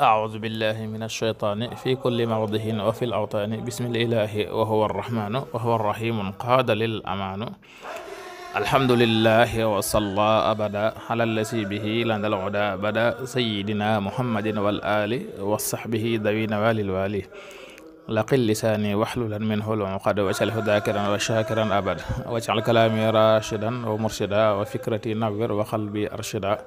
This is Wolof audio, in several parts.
aaudu billahi min alcheytaani fi kulli mawdihin wa fi l awtaani bismillahi wa huwa arrahmaanu wa huwa arrahiimu qaada lil amaanu alhamdulillahi wa salla abada ala allazi bihi lana al huda bada sayyidina muhammadin wal aali wa sahbihi dawina walil waali laqil lisaani waxlulan minhu lmuqad wajal hudakiran wa shakiran abad wajal kalaami rashidan wa murshida wa fikrati nawwir wa qalbi arshida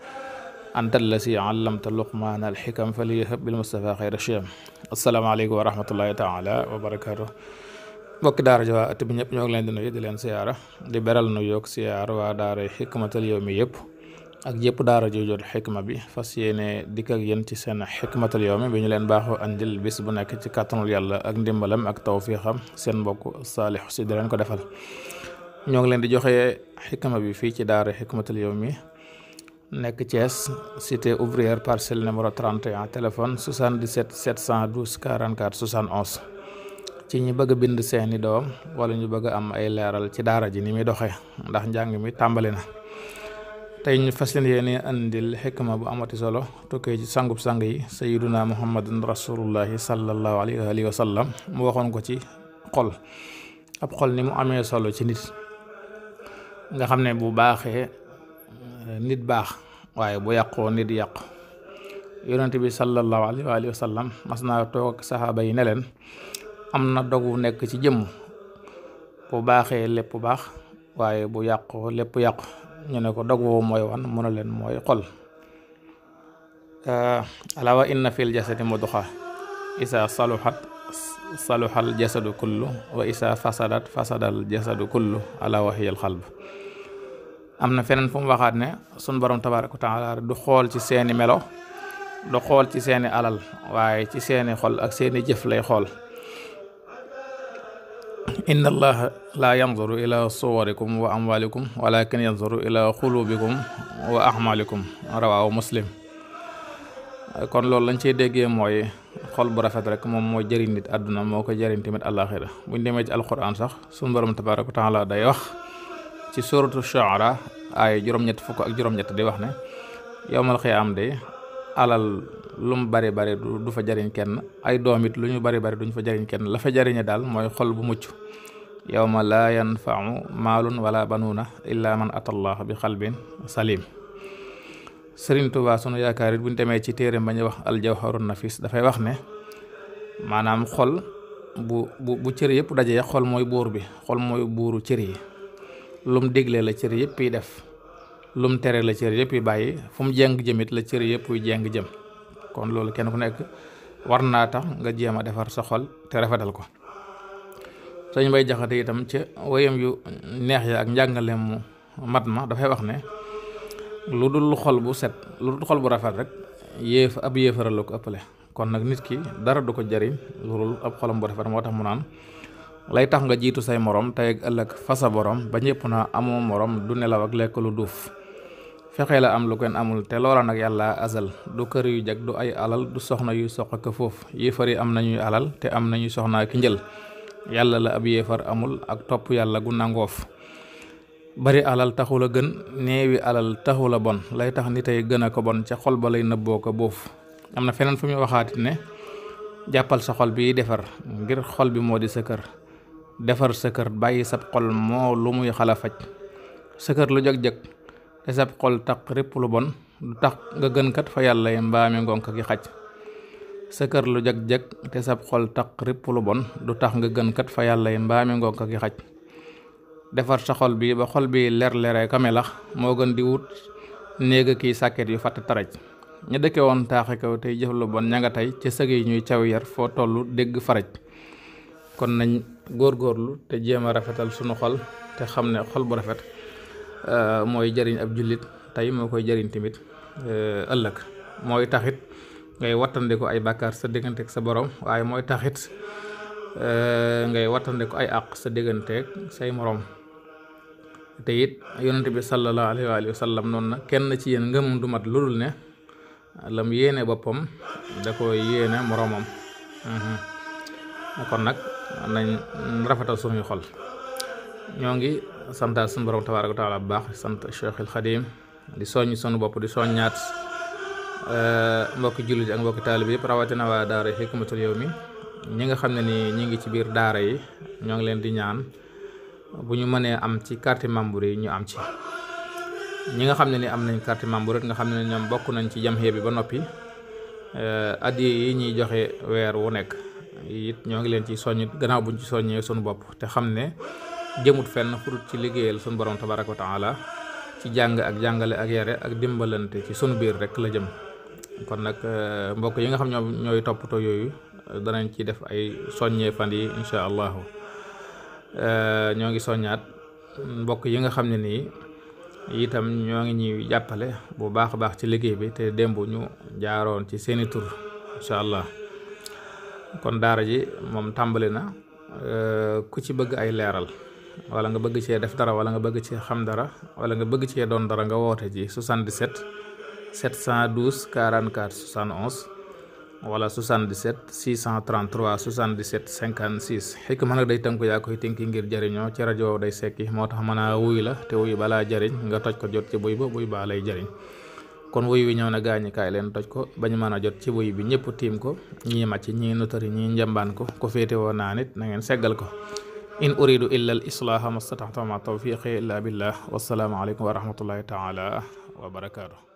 anta allasi allamta luqmaana alxikam fa liyahab bil mustafa a shiyam asalaamaaleykum wa rahmatullahi taala wa barakaatu mbokki daara ji waa at bi ñëpp ñoo ngi leen di nuyu di leen siyaara di beral nu yoog siyaar waa daara xikmatal yow mi yëpp ak yëpp daara ju jot xikma bi fas yéene dikk ak yéen ci seen xikmatal yow mi bi ñu leen baaxoo andil bis bu nekk ci kàttanul yàlla ak ndimbalam ak tawfiixam seen mbokk saalixu si di ko defal ñoo ngi leen di joxe xikma bi fii ci daara xikmatal yow mi nekk Thiès cité ouvrière parcelle numéro 31 téléphone 77 712 44 71 ci ñi bëgg a bind seeni doom wala ñu bëgg am ay leeral ci daara ji ni muy doxee ndax njàng mi tàmbali na tey ñu fas yéene andil xikma bu amati solo tukkee ci sangub sang yi sayyiduna muhammadun rasulullahi sallallahu alayhi wa sallam mu waxoon ko ci xol ab xol ni mu amee solo ci nit nga xam ne bu baaxee nit baax waaye bu yàqoo nit yàqu yonent bi sallallahu alayhi wa alihi wa sallam mas naa toog ak saxaaba yi ne leen am na dogu nekk ci jëmm bu baaxee lépp baax waaye bu yàqoo lépp yàq ñu ne ko dog woo mooy wan mu leen mooy xol alaa wa inna fil jasadi mudxa isaa saluxat saluxal jasadu kullu wa isaa fasadat fasadal jasadu kullu alaa wa xalb am na feneen fu waxaat ne sun borom tabaaraka wa du xool ci seeni melo du xool ci seeni alal waaye ci seeni xol ak seeni jëf lay xool inna allaha laa yanzuru ila suwarikum wa amwalikum walakin yanzuru ila xulubikum wa ahmalikum rawaawu muslim kon loolu lañ ciy déggee mooy xol bu rafet rek moom moo jëriñ nit àdduna moo ko jëriñ tamit àllaaxira buñ demee ci alquran sax sun borom tabaaraka wa taala day wax ci suratu Shu'ara ay juróom-ñett fukk ak juróom-ñett di wax ne yowmal am day alal lu mu bari bari du fa jariñ kenn ay doom lu ñu bari bari duñ fa jariñ kenn la fa jariñe daal mooy xol bu mucc ma laa yan yanfau maalun wala banuuna illaa man ata bi xalbin salim Sëriñ tubaa sunu yaakaar it buñ demee ci téere ba ñu wax aljawharun nafis dafay wax ne maanaam xol bu bu bu cër yëpp dajee xol mooy buur bi xol mooy buuru cër yi lum digle la cër yëpp yi def lum tere la cër yëpp yi bàyyi fu mu jeng jëmit la cër yëpp yu jeng jëm kon loolu kenn ku nekk war naa tax nga jéem a defar sa xol te rafetal ko sëñ may jaxate itam ci woyam yu neex ya ak njàngale mu mat ma dafay wax ne lu dul xol bu set lu dul xol bu rafet rek yéef ab yéefara la ko ëppale kon nag nit ki dara du ko jariñ lu dul ab xolam bu rafet moo tax mu naan lay tax nga jiitu say moroom tey ak ëllëg fa sa borom ba ñëpp naa amoo moroom du nelaw ak lekk lu duuf fexe la am lu kon amul te loola nag yàlla asal du kër yu jag du ay alal du soxna yu soq ak foofu yéefar yi am nañuy alal te am na nañuy soxnaa ki njël yàlla la ab yéefar amul ak topp yàlla gu nangoof bari alal taxula gën néewi alal taxula bon lay tax ni tey gën a ko bon ca xol ba lay nëbboo ko boof am na feneen fu muy waxaati ne jàppal sa xol bi defar ngir xol bi moo di sa kër defar sa kër bàyyi sab xol moo lu muy xala faj sa kër lu jëg-jëg te sab xol taq répp lu bon du tax nga gënkat kat fa yàlla mbaami ngonk ki xaj sa kër lu jëg-jëg te sab xol taq répp du tax nga gën kat yi mbaami ngonk ki xaj defar sa xol bi ba xol bi leer leere kamelax moo gën di wut néega kiy sàkket yu fàtt taraj ña dëkke woon taaxe kaw tey jëf lu bon ña nga tey ca sëg yi ñuy caw yar foo toll dégg faraj kon nañ góor góorlu te jéem a rafetal sunu xol te xam ne xol bu rafet euh, mooy jariñ ab jullit tey moo koy jariñ tamit euh, ëllëg mooy taxit ngay wattandiku ay bàkkaar sa digganteeg sa borom waaye mooy taxit euh, ngay wattandiku ay àq sa digganteeg say morom te it yonent bi sallallahu alayhi wa sallam noonu na kenn ci yéen ngëmam du mat ludul ne lam yéene boppam da ko yéene moromam mhm. kon nag nañ rafetal suñuy xol ñoo ngi santaat suñu borom tabaaraka taala bu baax sant Cheikhul Xadim di soññ sunu bopp di soññaat eh, mbokki jullit ak mbokki taalib yëpp rawatina waa daara Hikmatul Yawmi ñi nga xam ne ni ñi ngi ci biir daara yi ñoo ngi leen di ñaan bu ñu mënee am ci carte membre yi ñu am ci ñi nga xam ne ni am nañ carte membre nga xam ne ñoom bokk nañ ci jamxee bi ba noppi eh, addiya yi ñuy joxe weer wu nekk it ñoo ngi leen ci soññ gannaaw buñ ci soññee sunu bopp te xam ne jëmut fenn furut ci liggéeyal sunu borom tabaraka wa taala ci jàng ak jàngale ak yare ak dimbalante ci sunu biir rek la jëm kon nag euh, mbokk yi nga xam ñoo ñooy toppatoo yooyu danañ ci def ay soññee fan yi incha allahu euh, ñoo ngi soññaat mbokk yi nga xam ne nii itam ñoo ngi ñuy jàppale bu baax a baax ci liggéey bi te démb ñu jaaroon ci seeni tur incha allah kon daara ji moom tàmbali na euh, ku ci bëgg ay leeral wala nga bëgg cee def dara wala nga bëgg cee xam dara wala nga bëgg cee doon dara nga woote ji 77 712 44 71 wala 77 633 77 56 xikma nag day tënku yaa koy tënki ngir jëriñoo ci rajo day sekki moo tax mën a wuy la te wuy balaa jëriñ nga toj ko jot ci buy ba buy baa lay jariñ kon wuyu wi ñëw na gaañi leen toj ko bañ mën a jot ci wuyu bi ñëpp tiim ko ñii màcc ñii notari ñii njambaan ko ko féete woo naa nit na ngeen seggal ko in uridu illa al islaaha mastataxtama tawfiqi illa billah wasalaamu aleykum wa rahmatullahi taala wa barakaatu